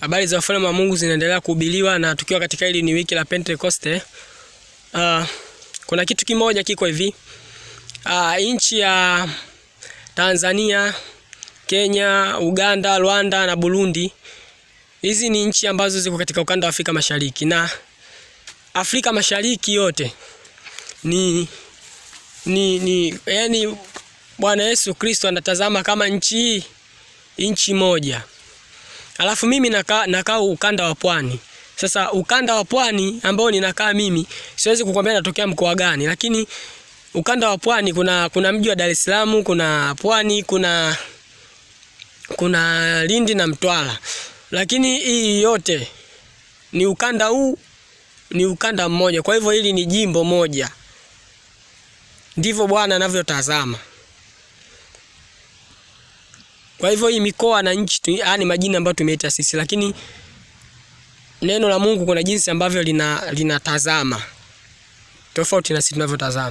Habari za ufalme wa Mungu zinaendelea kuhubiriwa na tukiwa katika hili ni wiki la pentekoste Uh, kuna kitu kimoja kiko hivi. Uh, nchi ya Tanzania, Kenya, Uganda, Rwanda na Burundi. Hizi ni nchi ambazo ziko katika ukanda wa Afrika Mashariki na Afrika Mashariki yote ni ni ni yani Bwana Yesu Kristo anatazama kama nchi nchi moja alafu mimi nakaa naka ukanda wa pwani. Sasa ukanda wa pwani ambao ninakaa mimi, siwezi kukwambia natokea mkoa gani, lakini ukanda wa pwani kuna kuna mji wa Dar es Salaam, kuna pwani, kuna kuna Lindi na Mtwara, lakini hii yote ni ukanda huu, ni ukanda mmoja. Kwa hivyo hili ni jimbo moja, ndivyo bwana anavyotazama. Kwa hivyo hii mikoa na nchi, tu, ni majina ambayo tumeita sisi, lakini neno la Mungu kuna jinsi ambavyo linatazama lina tofauti na sisi tunavyotazama.